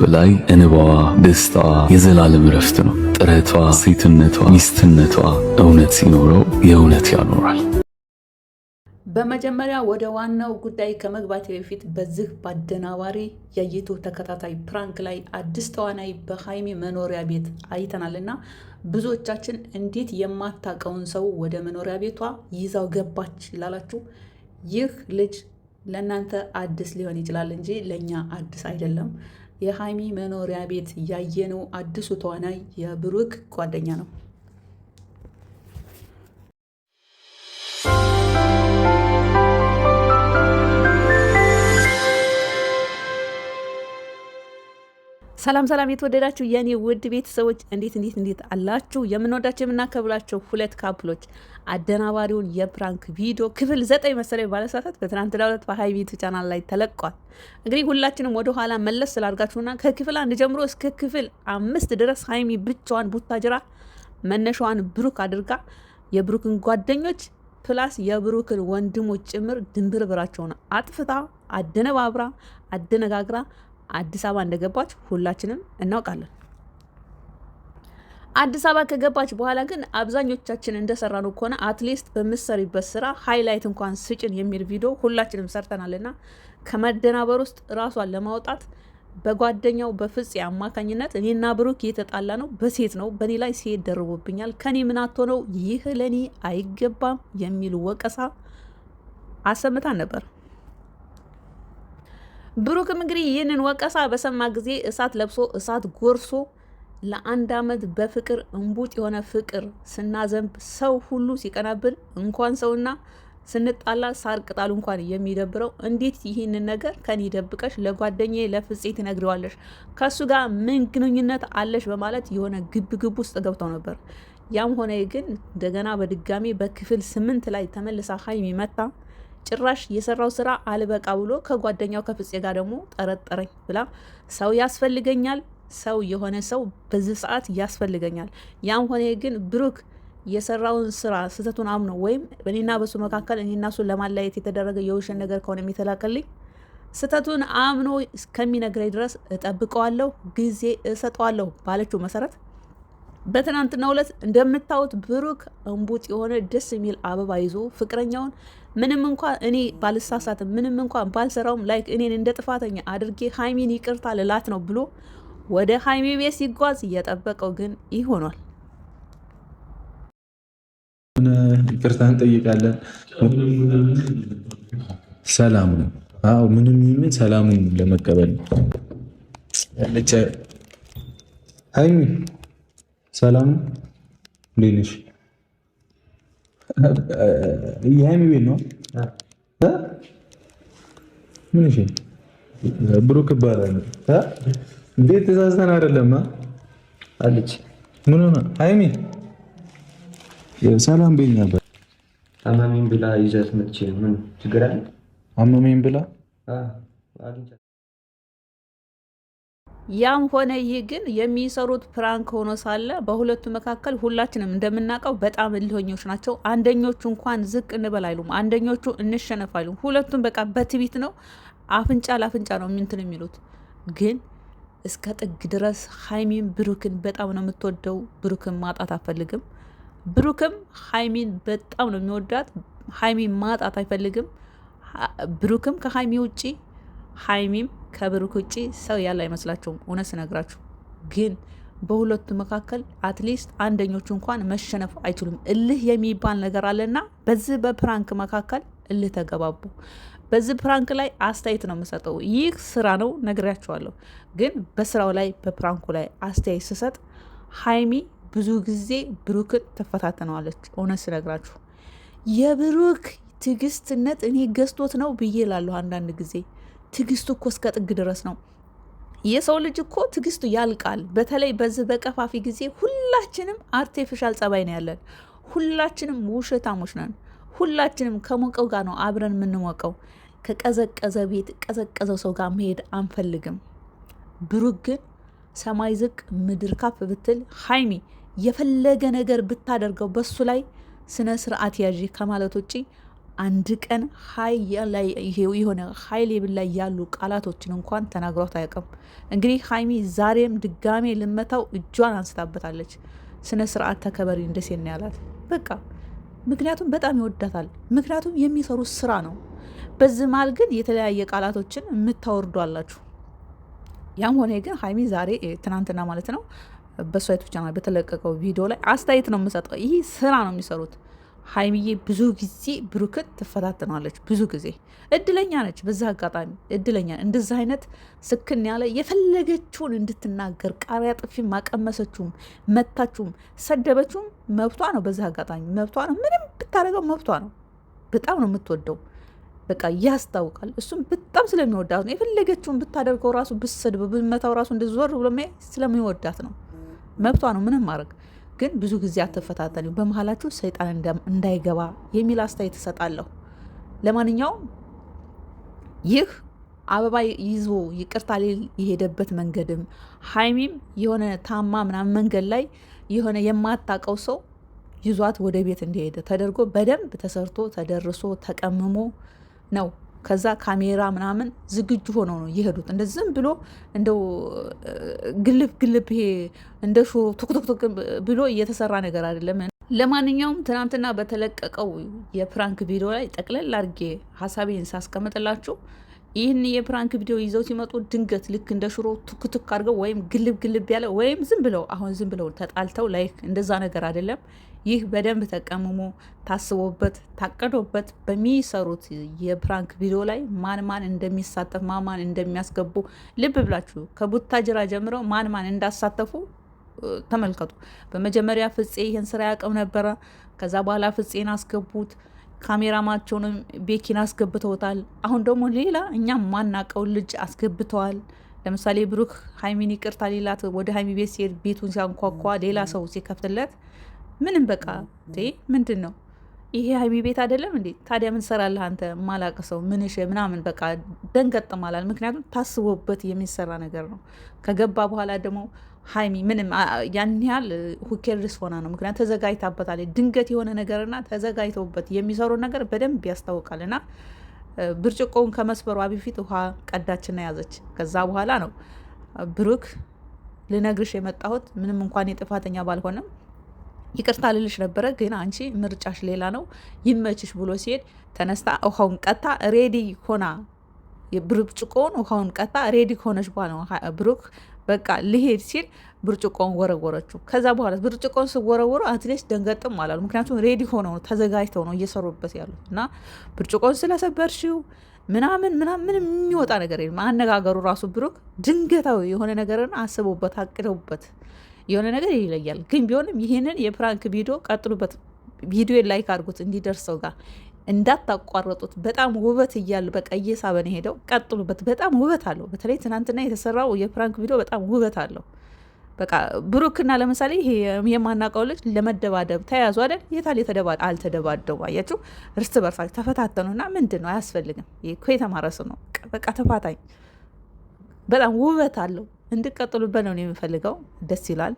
በላይ እንባዋ፣ ደስታዋ የዘላለም ረፍት ነው። ጥረቷ፣ ሴትነቷ፣ ሚስትነቷ እውነት ሲኖረው የእውነት ያኖራል። በመጀመሪያ ወደ ዋናው ጉዳይ ከመግባት በፊት በዚህ በአደናባሪ የይቶ ተከታታይ ፕራንክ ላይ አዲስ ተዋናይ በሀይሚ መኖሪያ ቤት አይተናልና ብዙዎቻችን እንዴት የማታውቀውን ሰው ወደ መኖሪያ ቤቷ ይዛው ገባች ይላላችሁ። ይህ ልጅ ለእናንተ አዲስ ሊሆን ይችላል እንጂ ለእኛ አዲስ አይደለም። የሀይሚ መኖሪያ ቤት ያየነው አዲሱ ተዋናይ የብሩክ ጓደኛ ነው። ሰላም ሰላም የተወደዳችሁ የእኔ ውድ ቤተሰቦች እንዴት እንዴት እንዴት አላችሁ? የምንወዳቸው የምናከብላቸው ሁለት ካፕሎች አደናባሪውን የፕራንክ ቪዲዮ ክፍል ዘጠኝ መሰለኝ ባለሳታት በትናንትና ዕለት በሀይ ቤቱ ቻናል ላይ ተለቋል። እንግዲህ ሁላችንም ወደ ኋላ መለስ ስላርጋችሁና ከክፍል አንድ ጀምሮ እስከ ክፍል አምስት ድረስ ሀይሚ ብቻዋን ቡታጅራ መነሻዋን ብሩክ አድርጋ የብሩክን ጓደኞች ፕላስ የብሩክን ወንድሞች ጭምር ድንብርብራቸውን አጥፍታ አደነባብራ አደነጋግራ አዲስ አበባ እንደገባች ሁላችንም እናውቃለን። አዲስ አበባ ከገባች በኋላ ግን አብዛኞቻችን እንደሰራ ነው ከሆነ አትሊስት በምሰሪበት ስራ ሃይላይት እንኳን ስጭን የሚል ቪዲዮ ሁላችንም ሰርተናል ና ከመደናበር ውስጥ ራሷን ለማውጣት በጓደኛው በፍጽ አማካኝነት እኔና ብሩክ እየተጣላ ነው። በሴት ነው፣ በእኔ ላይ ሴት ደርቦብኛል፣ ከኔ ምናቶ ነው፣ ይህ ለእኔ አይገባም የሚል ወቀሳ አሰምታን ነበር። ብሩክም እንግዲህ ይህንን ወቀሳ በሰማ ጊዜ እሳት ለብሶ እሳት ጎርሶ ለአንድ ዓመት በፍቅር እንቡጥ የሆነ ፍቅር ስናዘንብ ሰው ሁሉ ሲቀናብን እንኳን ሰውና ስንጣላ ሳር ቅጣሉ እንኳን የሚደብረው እንዴት ይህንን ነገር ከኔ ደብቀሽ ለጓደኛዬ ለፍፄ ትነግሪዋለሽ? ከእሱ ጋር ምን ግንኙነት አለሽ? በማለት የሆነ ግብግብ ውስጥ ገብተው ነበር። ያም ሆነ ግን እንደገና በድጋሚ በክፍል ስምንት ላይ ተመልሳ ሀይሚ መታ ጭራሽ የሰራው ስራ አልበቃ ብሎ ከጓደኛው ከፍፄ ጋር ደግሞ ጠረጠረኝ ብላ ሰው ያስፈልገኛል፣ ሰው የሆነ ሰው በዚህ ሰዓት ያስፈልገኛል። ያም ሆነ ግን ብሩክ የሰራውን ስራ ስህተቱን አምኖ ወይም እኔና በሱ መካከል እኔና እሱን ለማለያየት የተደረገ የውሸት ነገር ከሆነ የሚተላከልኝ ስህተቱን አምኖ እስከሚነግረኝ ድረስ እጠብቀዋለሁ፣ ጊዜ እሰጠዋለሁ ባለችው መሰረት በትናንትናው ዕለት እንደምታዩት ብሩክ እንቡጥ የሆነ ደስ የሚል አበባ ይዞ ፍቅረኛውን ምንም እንኳን እኔ ባልሳሳትም ምንም እንኳን ባልሰራውም ላይክ እኔን እንደ ጥፋተኛ አድርጌ ሀይሚን ይቅርታ ልላት ነው ብሎ ወደ ሀይሚ ቤት ሲጓዝ እየጠበቀው ግን ይሆኗል። ይቅርታ እንጠይቃለን። ሰላም ነው። አዎ ምንም ይምን ሰላሙን ለመቀበል ሀይሚ ሰላም እንዴት ነሽ? የሀይሚ ቤት ነው። ምን እሺ፣ ብሩክ እባላለሁ። እንዴት ተሳስተን አይደለም አለች። ምን ሆነ ሀይሚ? ሰላም ቤት ነበር። አማሜን ብላ ይዘት መጥቼ ምን ችግር አለ? አማሜን ብላ ያም ሆነ ይህ ግን የሚሰሩት ፕራንክ ሆኖ ሳለ በሁለቱ መካከል ሁላችንም እንደምናውቀው በጣም እልህኞች ናቸው። አንደኞቹ እንኳን ዝቅ እንበል አይሉም፣ አንደኞቹ እንሸነፍ አይሉም። ሁለቱም በቃ በትቢት ነው፣ አፍንጫ ለአፍንጫ ነው እንትን የሚሉት። ግን እስከ ጥግ ድረስ ሀይሚን ብሩክን በጣም ነው የምትወደው። ብሩክን ማጣት አፈልግም። ብሩክም ሀይሚን በጣም ነው የሚወዳት። ሀይሚን ማጣት አይፈልግም። ብሩክም ከሀይሚ ውጪ ሀይሚም ከብሩክ ውጭ ሰው ያለ አይመስላቸውም። እውነት ስነግራችሁ ግን በሁለቱ መካከል አትሊስት አንደኞቹ እንኳን መሸነፍ አይችሉም። እልህ የሚባል ነገር አለና በዚህ በፕራንክ መካከል እልህ ተገባቡ። በዚህ ፕራንክ ላይ አስተያየት ነው የምሰጠው። ይህ ስራ ነው ነግሬያቸዋለሁ። ግን በስራው ላይ በፕራንኩ ላይ አስተያየት ስሰጥ ሀይሚ ብዙ ጊዜ ብሩክን ትፈታተነዋለች። እውነት ስነግራችሁ የብሩክ ትዕግስትነት እኔ ገዝቶት ነው ብዬ ላለሁ አንዳንድ ጊዜ ትግስቱ እኮ እስከ ጥግ ድረስ ነው። የሰው ልጅ እኮ ትግስቱ ያልቃል። በተለይ በዚህ በቀፋፊ ጊዜ ሁላችንም አርቴፊሻል ጸባይ ነው ያለን። ሁላችንም ውሸታሞች ነን። ሁላችንም ከሞቀው ጋር ነው አብረን የምንሞቀው። ከቀዘቀዘ ቤት ቀዘቀዘው ሰው ጋር መሄድ አንፈልግም። ብሩክ ግን ሰማይ ዝቅ ምድር ካፍ ብትል ሀይሚ የፈለገ ነገር ብታደርገው በሱ ላይ ስነ ስርዓት ያዥ ከማለት ውጪ አንድ ቀን የሆነ ሀይሌ ላይ ያሉ ቃላቶችን እንኳን ተናግሯት አያውቅም። እንግዲህ ሀይሚ ዛሬም ድጋሜ ልመታው እጇን አንስታበታለች። ስነ ስርዓት ተከበሪ እንደሴት ያላት። በቃ ምክንያቱም በጣም ይወዳታል። ምክንያቱም የሚሰሩት ስራ ነው። በዚህ መሀል ግን የተለያየ ቃላቶችን የምታወርዱ አላችሁ። ያም ሆነ ግን ሀይሚ ዛሬ ትናንትና ማለት ነው በሷ በተለቀቀው ቪዲዮ ላይ አስተያየት ነው የምሰጠው። ይህ ስራ ነው የሚሰሩት ሀይሚዬ ብዙ ጊዜ ብሩክን ትፈታትናለች። ብዙ ጊዜ እድለኛ ነች። በዛ አጋጣሚ እድለኛ እንደዚህ አይነት ስክን ያለ የፈለገችውን እንድትናገር ቃሪያ ጥፊ ማቀመሰችውም፣ መታችውም፣ ሰደበችውም መብቷ ነው። በዛ አጋጣሚ መብቷ ነው። ምንም ብታደርገው መብቷ ነው። በጣም ነው የምትወደው። በቃ ያስታውቃል። እሱም በጣም ስለሚወዳት ነው። የፈለገችውን ብታደርገው ራሱ ብሰድበው ብመታው ራሱ እንደዞር ብሎ ስለሚወዳት ነው። መብቷ ነው ምንም ማድረግ ግን ብዙ ጊዜ አትፈታተኑ፣ በመሀላችሁ ሰይጣን እንዳይገባ የሚል አስተያየት እሰጣለሁ። ለማንኛውም ይህ አበባ ይዞ ይቅርታ ሊል የሄደበት መንገድም ሀይሚም የሆነ ታማ ምናምን መንገድ ላይ የሆነ የማታውቀው ሰው ይዟት ወደ ቤት እንደሄደ ተደርጎ በደንብ ተሰርቶ ተደርሶ ተቀምሞ ነው ከዛ ካሜራ ምናምን ዝግጁ ሆኖ ነው የሄዱት። እንደ ዝም ብሎ እንደው ግልብ ግልብ ይሄ እንደ ሹሮ ቱክቱክቱክ ብሎ እየተሰራ ነገር አይደለም። ለማንኛውም ትናንትና በተለቀቀው የፕራንክ ቪዲዮ ላይ ጠቅለል አድርጌ ሀሳቤን ሳስቀምጥላችሁ ይህን የፕራንክ ቪዲዮ ይዘው ሲመጡ ድንገት ልክ እንደ ሽሮ ቱክቱክ አድርገው ወይም ግልብ ግልብ ያለ ወይም ዝም ብለው አሁን ዝም ብለው ተጣልተው ላይ እንደዛ ነገር አይደለም። ይህ በደንብ ተቀምሞ ታስቦበት ታቀዶበት በሚሰሩት የፕራንክ ቪዲዮ ላይ ማን ማን እንደሚሳተፍ ማን ማን እንደሚያስገቡ ልብ ብላችሁ ከቡታጅራ ጀምረው ማን ማን እንዳሳተፉ ተመልከቱ። በመጀመሪያ ፍፄ ይህን ስራ ያቅም ነበረ። ከዛ በኋላ ፍፄን አስገቡት። ካሜራማቸውንም ቤኪን አስገብተውታል። አሁን ደግሞ ሌላ እኛም ማናቀውን ልጅ አስገብተዋል። ለምሳሌ ብሩክ ሀይሚን ይቅርታ ሌላት ወደ ሀይሚ ቤት ሲሄድ ቤቱን ሲያንኳኳ ሌላ ሰው ሲከፍትለት ምንም በቃ ምንድን ነው ይሄ ሀይሚ ቤት አይደለም እንዴ? ታዲያ ምን ሰራለህ አንተ ማላቅ ሰው ምንሽ ምናምን በቃ ደንገጥ ማላል። ምክንያቱም ታስቦበት የሚሰራ ነገር ነው። ከገባ በኋላ ደግሞ ሀይሚ ምንም ያን ያህል ሁኬርስ ሆና ነው። ምክንያት ተዘጋጅታበታል። ድንገት የሆነ ነገርና ተዘጋጅተውበት የሚሰሩ ነገር በደንብ ያስታውቃልና ብርጭቆውን ከመስበሯ በፊት ውሃ ቀዳችና ያዘች። ከዛ በኋላ ነው ብሩክ ልነግርሽ የመጣሁት ምንም እንኳን የጥፋተኛ ባልሆነም ይቅርታ ልልሽ ነበረ፣ ግን አንቺ ምርጫሽ ሌላ ነው፣ ይመችሽ ብሎ ሲሄድ ተነስታ ውሃውን ቀታ ሬዲ ሆና ብርጭቆውን ውሃውን ቀታ ሬዲ ከሆነች በኋላ ብሩክ በቃ ልሄድ ሲል ብርጭቆን ወረወረችው። ከዛ በኋላ ብርጭቆን ስወረወሩ አትሌት ደንገጥም አላሉ። ምክንያቱም ሬዲ ሆነው ተዘጋጅተው ነው እየሰሩበት ያሉት እና ብርጭቆን ስለሰበርሽው ምናምን ምናምን የሚወጣ ነገር የለም። አነጋገሩ ራሱ ብሩክ ድንገታዊ የሆነ ነገርን አስበውበት አቅደውበት የሆነ ነገር ይለያል። ግን ቢሆንም ይህንን የፕራንክ ቪዲዮ ቀጥሉበት። ቪዲዮ ላይክ አድርጉት እንዲደርሰው ጋር እንዳታቋረጡት። በጣም ውበት እያለ በቃ እየሳበን ሄደው ቀጥሉበት። በጣም ውበት አለው። በተለይ ትናንትና የተሰራው የፕራንክ ቪዲዮ በጣም ውበት አለው። በቃ ብሩክና ለምሳሌ የማናውቀው ልጅ ለመደባደብ ተያዙ አይደል? የታል የተደባ አልተደባደቡ። አያችሁ፣ እርስ ተፈታተኑ። ተፈታተኑና ምንድን ነው አያስፈልግም። እኮ ነው። በቃ ተፋታኝ። በጣም ውበት አለው። እንድቀጥሉበት ነው የምፈልገው። ደስ ይላል።